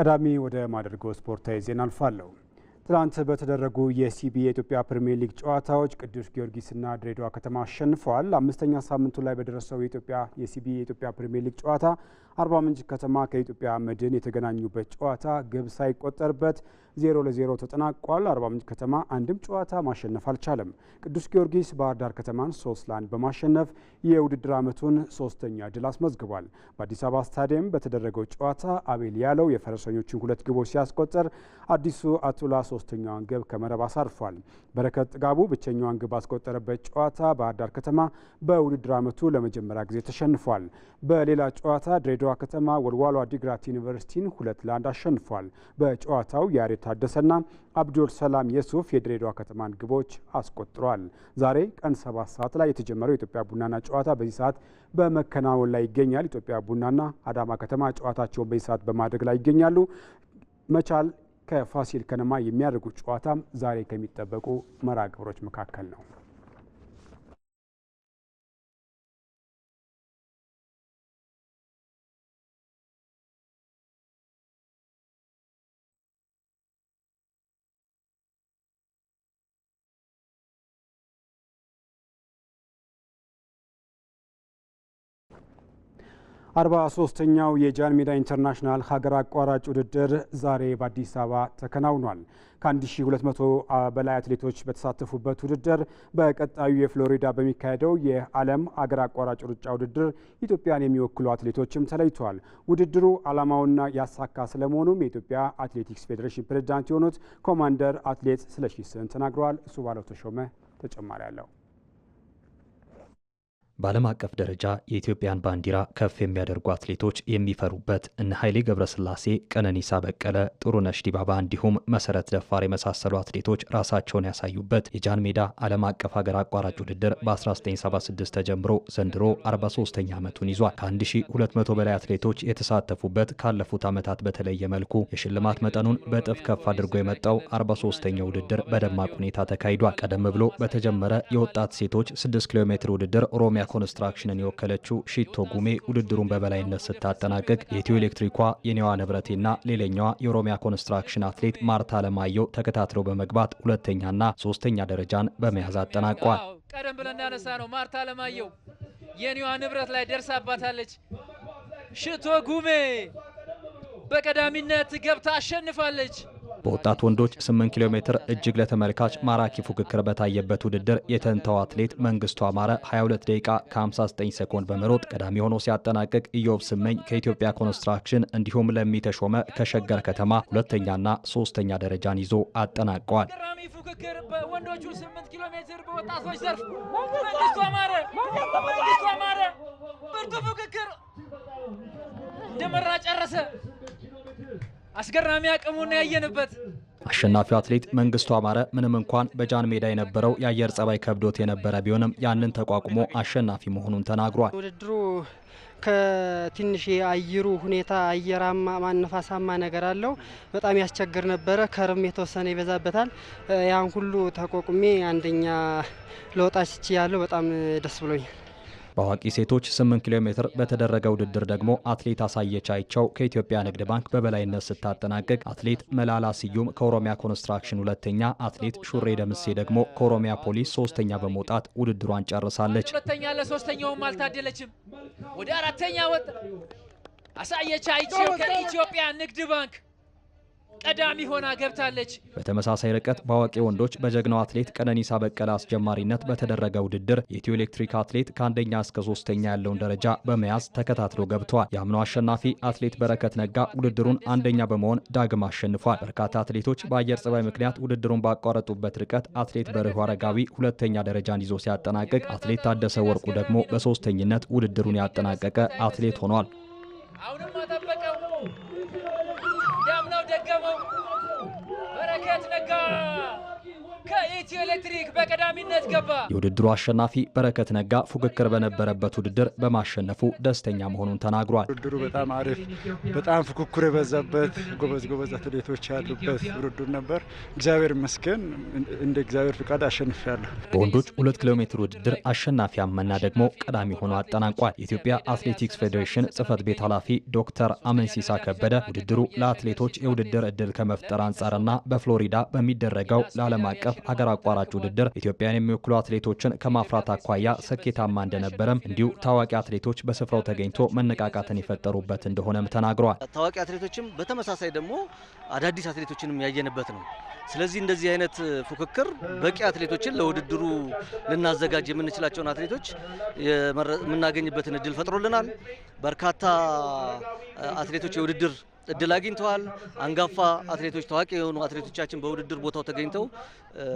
ቀዳሚ ወደ ማደርጎ ስፖርታዊ ዜና አልፋለሁ። ትላንት በተደረጉ የሲቢ የኢትዮጵያ ፕሪምየር ሊግ ጨዋታዎች ቅዱስ ጊዮርጊስና ድሬዳዋ ከተማ አሸንፈዋል። አምስተኛ ሳምንቱ ላይ በደረሰው የኢትዮጵያ የሲቢ የኢትዮጵያ ፕሪምየር ሊግ ጨዋታ አርባ ምንጭ ከተማ ከኢትዮጵያ መድን የተገናኙበት ጨዋታ ግብ ሳይቆጠርበት ዜሮ ለዜሮ ተጠናቋል። አርባ ምንጭ ከተማ አንድም ጨዋታ ማሸነፍ አልቻለም። ቅዱስ ጊዮርጊስ ባህር ዳር ከተማን ሶስት ለአንድ በማሸነፍ የውድድር ዓመቱን ሶስተኛ ድል አስመዝግቧል። በአዲስ አበባ ስታዲየም በተደረገው ጨዋታ አቤል ያለው የፈረሰኞችን ሁለት ግቦች ሲያስቆጠር፣ አዲሱ አቱላ ሶስተኛዋን ግብ ከመረብ አሳርፏል። በረከት ጥጋቡ ብቸኛዋን ግብ ባስቆጠረበት ጨዋታ ባህር ዳር ከተማ በውድድር ዓመቱ ለመጀመሪያ ጊዜ ተሸንፏል። በሌላ ጨዋታ ድሬዳዋ የድሬዳዋ ከተማ ወልዋሎ አዲግራት ዩኒቨርሲቲን ሁለት ለአንድ አሸንፏል። በጨዋታው ያሬድ ታደሰና አብዱል ሰላም የሱፍ የድሬዳዋ ከተማን ግቦች አስቆጥሯል። ዛሬ ቀን ሰባት ሰዓት ላይ የተጀመረው የኢትዮጵያ ቡናና ጨዋታ በዚህ ሰዓት በመከናወን ላይ ይገኛል። ኢትዮጵያ ቡናና አዳማ ከተማ ጨዋታቸውን በዚህ ሰዓት በማድረግ ላይ ይገኛሉ። መቻል ከፋሲል ከነማ የሚያደርጉት ጨዋታም ዛሬ ከሚጠበቁ መርሃ ግብሮች መካከል ነው። አርባ ሶስተኛው የጃን ሜዳ ኢንተርናሽናል ሀገር አቋራጭ ውድድር ዛሬ በአዲስ አበባ ተከናውኗል። ከ1200 በላይ አትሌቶች በተሳተፉበት ውድድር በቀጣዩ የፍሎሪዳ በሚካሄደው የዓለም አገር አቋራጭ ሩጫ ውድድር ኢትዮጵያን የሚወክሉ አትሌቶችም ተለይተዋል። ውድድሩ ዓላማውና ያሳካ ስለመሆኑም የኢትዮጵያ አትሌቲክስ ፌዴሬሽን ፕሬዚዳንት የሆኑት ኮማንደር አትሌት ስለሺ ስህን ተናግረዋል። እሱ ባለው ተሾመ ተጨማሪ አለው። በዓለም አቀፍ ደረጃ የኢትዮጵያን ባንዲራ ከፍ የሚያደርጉ አትሌቶች የሚፈሩበት እነ ኃይሌ ገብረስላሴ፣ ቀነኒሳ በቀለ፣ ጥሩነሽ ዲባባ እንዲሁም መሰረት ደፋር የመሳሰሉ አትሌቶች ራሳቸውን ያሳዩበት የጃን ሜዳ ዓለም አቀፍ ሀገር አቋራጭ ውድድር በ1976 ተጀምሮ ዘንድሮ 43ኛ ዓመቱን ይዟል። ከ1200 በላይ አትሌቶች የተሳተፉበት ካለፉት ዓመታት በተለየ መልኩ የሽልማት መጠኑን በእጥፍ ከፍ አድርጎ የመጣው 43 ተኛ ውድድር በደማቅ ሁኔታ ተካሂዷል። ቀደም ብሎ በተጀመረ የወጣት ሴቶች 6 ኪሎ ሜትር ውድድር ኦሮሚያ ኮንስትራክሽንን የወከለችው ሺቶ ጉሜ ውድድሩን በበላይነት ስታጠናቀቅ የኢትዮ ኤሌክትሪኳ የኒዋ ንብረቴና ሌላኛዋ የኦሮሚያ ኮንስትራክሽን አትሌት ማርታ ለማየው ተከታትለው በመግባት ሁለተኛና ሶስተኛ ደረጃን በመያዝ አጠናቋል። ቀደም ብለን እናነሳ ነው ማርታ ለማየው የኒዋ ንብረት ላይ ደርሳባታለች። ሽቶ ጉሜ በቀዳሚነት ገብታ አሸንፋለች። በወጣት ወንዶች 8 ኪሎ ሜትር እጅግ ለተመልካች ማራኪ ፉክክር በታየበት ውድድር የተንተው አትሌት መንግስቱ አማረ 22 ደቂቃ ከ59 ሰኮንድ በመሮጥ ቀዳሚ ሆኖ ሲያጠናቅቅ ኢዮብ ስመኝ ከኢትዮጵያ ኮንስትራክሽን እንዲሁም ለሚተሾመ ከሸገር ከተማ ሁለተኛና ሶስተኛ ደረጃን ይዞ አጠናቀዋል። ደመራ ጨረሰ። አስገራሚ አቅሙን ያየንበት አሸናፊው አትሌት መንግስቱ አማረ ምንም እንኳን በጃን ሜዳ የነበረው የአየር ጸባይ ከብዶት የነበረ ቢሆንም ያንን ተቋቁሞ አሸናፊ መሆኑን ተናግሯል። ውድድሩ ከትንሽ የአየሩ ሁኔታ አየራማ ማነፋሳማ ነገር አለው። በጣም ያስቸግር ነበረ። ከርም የተወሰነ ይበዛበታል። ያን ሁሉ ተቋቁሜ አንደኛ ለወጣች ያለው በጣም ደስ ብሎኛል። በአዋቂ ሴቶች 8 ኪሎ ሜትር በተደረገ ውድድር ደግሞ አትሌት አሳየች አይቸው ከኢትዮጵያ ንግድ ባንክ በበላይነት ስታጠናቀቅ አትሌት መላላ ስዩም ከኦሮሚያ ኮንስትራክሽን ሁለተኛ፣ አትሌት ሹሬ ደምሴ ደግሞ ከኦሮሚያ ፖሊስ ሶስተኛ በመውጣት ውድድሯን ጨርሳለች። ሁለተኛ ለሶስተኛውም አልታደለችም። ወደ አራተኛ ወጥ አሳየች አይቸው ከኢትዮጵያ ንግድ ባንክ ቀዳሚ ሆና ገብታለች። በተመሳሳይ ርቀት በአዋቂ ወንዶች በጀግናው አትሌት ቀነኒሳ በቀለ አስጀማሪነት በተደረገ ውድድር የኢትዮ ኤሌክትሪክ አትሌት ከአንደኛ እስከ ሶስተኛ ያለውን ደረጃ በመያዝ ተከታትሎ ገብቷል። የአምኖ አሸናፊ አትሌት በረከት ነጋ ውድድሩን አንደኛ በመሆን ዳግም አሸንፏል። በርካታ አትሌቶች በአየር ጸባይ ምክንያት ውድድሩን ባቋረጡበት ርቀት አትሌት በርሁ አረጋዊ ሁለተኛ ደረጃን ይዞ ሲያጠናቅቅ፣ አትሌት ታደሰ ወርቁ ደግሞ በሶስተኝነት ውድድሩን ያጠናቀቀ አትሌት ሆኗል። ደገመው። በረከት ነጋ ከኢትዮ ኤሌክትሪክ በቀዳሚነት ገባ። የውድድሩ አሸናፊ በረከት ነጋ ፉክክር በነበረበት ውድድር በማሸነፉ ደስተኛ መሆኑን ተናግሯል። ውድድሩ በጣም አሪፍ፣ በጣም ፉክክር የበዛበት ጎበዝ ጎበዝ አትሌቶች ያሉበት ውድድር ነበር። እግዚአብሔር ይመስገን እንደ እግዚአብሔር ፍቃድ አሸንፊያለሁ። በወንዶች ሁለት ኪሎ ሜትር ውድድር አሸናፊ አመና ደግሞ ቀዳሚ ሆኖ አጠናቋል። የኢትዮጵያ አትሌቲክስ ፌዴሬሽን ጽህፈት ቤት ኃላፊ ዶክተር አመንሲሳ ከበደ ውድድሩ ለአትሌቶች የውድድር እድል ከመፍጠር አንጻርና በፍሎሪዳ በሚደረገው ለዓለም አቀፍ አገር አቋራጭ ውድድር ኢትዮጵያን የሚወክሉ አትሌቶችን ከማፍራት አኳያ ስኬታማ እንደነበረም እንዲሁ ታዋቂ አትሌቶች በስፍራው ተገኝቶ መነቃቃትን የፈጠሩበት እንደሆነም ተናግረዋል። ታዋቂ አትሌቶችም በተመሳሳይ ደግሞ አዳዲስ አትሌቶችንም ያየንበት ነው። ስለዚህ እንደዚህ አይነት ፉክክር በቂ አትሌቶችን ለውድድሩ ልናዘጋጅ የምንችላቸውን አትሌቶች የምናገኝበትን እድል ፈጥሮልናል። በርካታ አትሌቶች የውድድር እድል አግኝተዋል። አንጋፋ አትሌቶች፣ ታዋቂ የሆኑ አትሌቶቻችን በውድድር ቦታው ተገኝተው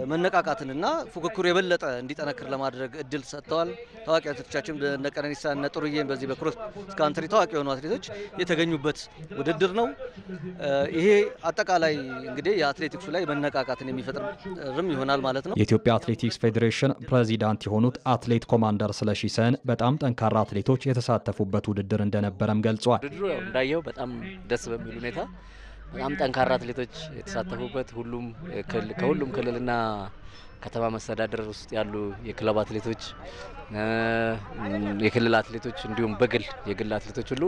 መነቃቃትንና ፉክክሩ የበለጠ እንዲጠነክር ለማድረግ እድል ሰጥተዋል። ታዋቂ አትሌቶቻችን እነ ቀነኒሳ እነ ጥሩዬን በዚህ በክሮስ ካንትሪ ታዋቂ የሆኑ አትሌቶች የተገኙበት ውድድር ነው። ይሄ አጠቃላይ እንግዲህ የአትሌቲክሱ ላይ መነቃቃትን የሚፈጥርም ይሆናል ማለት ነው። የኢትዮጵያ አትሌቲክስ ፌዴሬሽን ፕሬዚዳንት የሆኑት አትሌት ኮማንደር ስለሺ ስህን በጣም ጠንካራ አትሌቶች የተሳተፉበት ውድድር እንደነበረም ገልጿል። እንዳየው በጣም ደስ በሚል ሁኔታ በጣም ጠንካራ አትሌቶች የተሳተፉበት ሁሉም ከሁሉም ክልልና ከተማ መስተዳደር ውስጥ ያሉ የክለብ አትሌቶች፣ የክልል አትሌቶች እንዲሁም በግል የግል አትሌቶች ሁሉ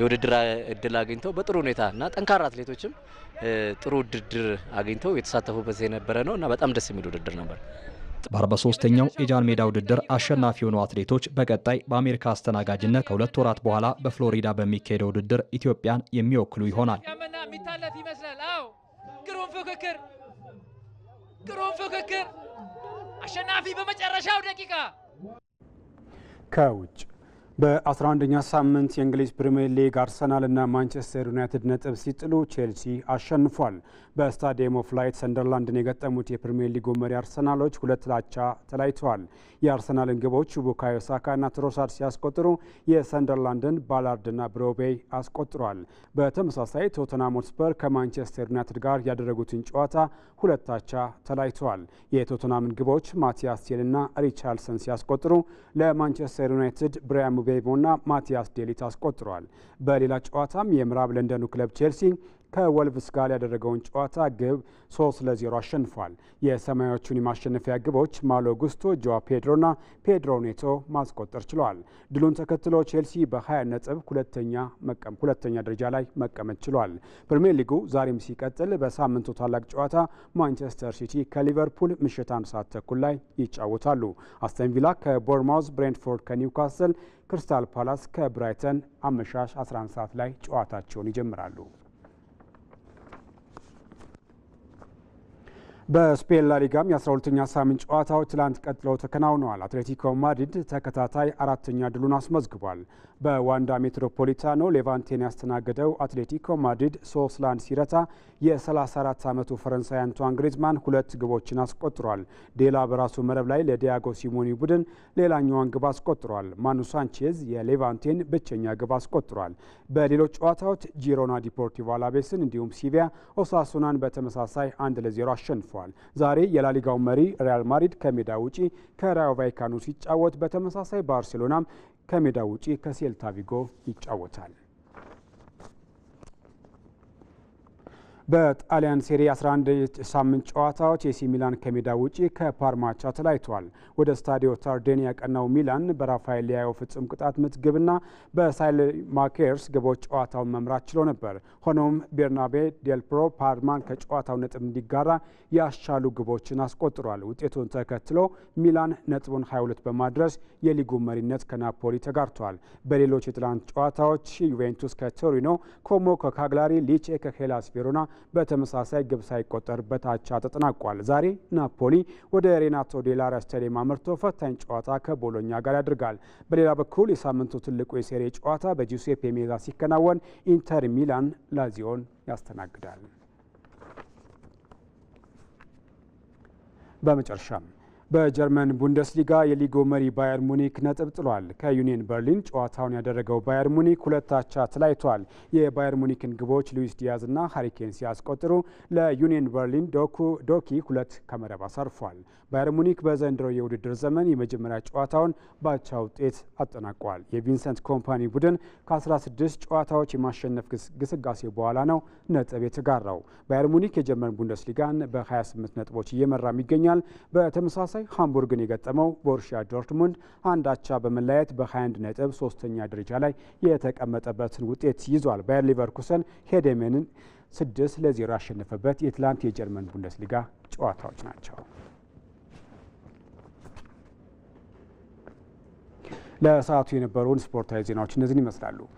የውድድር እድል አግኝተው በጥሩ ሁኔታ እና ጠንካራ አትሌቶችም ጥሩ ውድድር አግኝተው የተሳተፉበት የነበረ ነው እና በጣም ደስ የሚል ውድድር ነበር። በ43ኛው የጃን ሜዳ ውድድር አሸናፊ የሆኑ አትሌቶች በቀጣይ በአሜሪካ አስተናጋጅነት ከሁለት ወራት በኋላ በፍሎሪዳ በሚካሄደው ውድድር ኢትዮጵያን የሚወክሉ ይሆናል። የሚታለፍ ይመስላል። አዎ ግሩም ፍክክር፣ ግሩም አሸናፊ በመጨረሻው ደቂቃ ከውጭ በ11ኛ ሳምንት የእንግሊዝ ፕሪምየር ሊግ አርሰናል እና ማንቸስተር ዩናይትድ ነጥብ ሲጥሉ ቼልሲ አሸንፏል። በስታዲየም ኦፍ ላይት ሰንደርላንድን የገጠሙት የፕሪምየር ሊጉ መሪ አርሰናሎች ሁለት ላቻ ተለያይተዋል። የአርሰናልን ግቦች ቡካዮ ና ትሮሳድ ሲያስቆጥሩ የሰንደርላንድን ባላርድና ብሮቤይ አስቆጥሯል። በተመሳሳይ ቶተናም ሆትስፐር ከማንቸስተር ዩናይትድ ጋር ያደረጉትን ጨዋታ ሁለት አቻ ተለያይተዋል። የቶተናምን ግቦች ማቲያስ ቴልና ሪቻርልሰን ሲያስቆጥሩ ለማንቸስተር ዩናይትድ ብሪያም ቤይቦና ማቲያስ ዴሊት አስቆጥረዋል። በሌላ ጨዋታም የምዕራብ ለንደኑ ክለብ ቼልሲ ከወልቭስ ጋር ያደረገውን ጨዋታ ግብ 3 ለዜሮ አሸንፏል። የሰማያዎቹን የማሸነፊያ ግቦች ማሎ ጉስቶ፣ ጆዋ ፔድሮና ፔድሮ ኔቶ ማስቆጠር ችለዋል። ድሉን ተከትሎ ቼልሲ በ20 ነጥብ ሁለተኛ ደረጃ ላይ መቀመጥ ችሏል። ፕሪምየር ሊጉ ዛሬም ሲቀጥል በሳምንቱ ታላቅ ጨዋታ ማንቸስተር ሲቲ ከሊቨርፑል ምሽት አንድ ሰዓት ተኩል ላይ ይጫወታሉ። አስተንቪላ ከቦርማውዝ፣ ብሬንትፎርድ ከኒውካስል፣ ክሪስታል ፓላስ ከብራይተን አመሻሽ 11 ሰዓት ላይ ጨዋታቸውን ይጀምራሉ። በስፔን ላሊጋም የ12ኛ ሳምንት ጨዋታዎች ትላንት ቀጥለው ተከናውነዋል። አትሌቲኮ ማድሪድ ተከታታይ አራተኛ ድሉን አስመዝግቧል። በዋንዳ ሜትሮፖሊታኖ ሌቫንቴን ያስተናገደው አትሌቲኮ ማድሪድ ሶስት ለአንድ ሲረታ የ34 ዓመቱ ፈረንሳይ አንቷን ግሪዝማን ሁለት ግቦችን አስቆጥሯል። ዴላ በራሱ መረብ ላይ ለዲያጎ ሲሞኒ ቡድን ሌላኛዋን ግብ አስቆጥሯል። ማኑ ሳንቼዝ የሌቫንቴን ብቸኛ ግብ አስቆጥሯል። በሌሎች ጨዋታዎች ጂሮና ዲፖርቲቮ አላቤስን እንዲሁም ሲቪያ ኦሳሱናን በተመሳሳይ አንድ ለዜሮ አሸንፏል። ዛሬ የላሊጋው መሪ ሪያል ማድሪድ ከሜዳ ውጪ ከራዮ ቫይካኖ ሲጫወት፣ በተመሳሳይ ባርሴሎናም ከሜዳ ውጪ ከሴልታ ቪጎ ይጫወታል። በጣሊያን ሴሪ 11 ሳምንት ጨዋታዎች ኤሲ ሚላን ከሜዳ ውጪ ከፓርማ አቻ ወደ ስታዲዮ ታርዴን ያቀናው ሚላን በራፋኤል ሊያዮ ፍጹም ቅጣት ምት ግብና በሳይል ማኬርስ ግቦች ጨዋታውን መምራት ችሎ ነበር። ሆኖም ቤርናቤ ዴልፕሮ ፓርማን ከጨዋታው ነጥብ እንዲጋራ ያሻሉ ግቦችን አስቆጥሯል። ውጤቱን ተከትሎ ሚላን ነጥቡን 22 በማድረስ የሊጉ መሪነት ከናፖሊ ተጋርቷል። በሌሎች የትላንት ጨዋታዎች ዩቬንቱስ ከቶሪኖ፣ ኮሞ ከካግላሪ፣ ሊቼ ከሄላስ ቬሮና በተመሳሳይ ግብ ሳይቆጠር በታቻ ተጠናቋል። ዛሬ ናፖሊ ወደ ሬናቶ ዴላሪያ ስታዲየም አምርቶ ፈታኝ ጨዋታ ከቦሎኛ ጋር ያደርጋል። በሌላ በኩል የሳምንቱ ትልቁ የሴሬ ጨዋታ በጁሴፔ ሜዛ ሲከናወን ኢንተር ሚላን ላዚዮን ያስተናግዳል። በመጨረሻም በጀርመን ቡንደስሊጋ የሊጉ መሪ ባየር ሙኒክ ነጥብ ጥሏል። ከዩኒየን በርሊን ጨዋታውን ያደረገው ባየር ሙኒክ ሁለት አቻ ተለያይቷል። የባየር ሙኒክን ግቦች ሉዊስ እና ሃሪኬን ሲያስቆጥሩ ለዩኒየን በርሊን ዶኪ ሁለት ከመረብ አሳርፏል። ባየር ሙኒክ በዘንድሮ የውድድር ዘመን የመጀመሪያ ጨዋታውን ባቻ ውጤት አጠናቋል። የቪንሰንት ኮምፓኒ ቡድን ከ16 ጨዋታዎች የማሸነፍ ግስጋሴ በኋላ ነው ነጥብ የተጋራው። ባየር ሙኒክ የጀርመን ቡንደስሊጋን በ28 ነጥቦች እየመራም ይገኛል። በተመሳሳይ ሃምቡርግን የገጠመው ቦርሺያ ዶርትሙንድ አንድ አቻ በመለያየት በ21 ነጥብ ሶስተኛ ደረጃ ላይ የተቀመጠበትን ውጤት ይዟል። ባየር ሊቨርኩሰን ሄደሜንን ስድስት ለዜሮ ያሸነፈበት የትላንት የጀርመን ቡንደስሊጋ ጨዋታዎች ናቸው። ለሰዓቱ የነበሩን ስፖርታዊ ዜናዎች እነዚህን ይመስላሉ።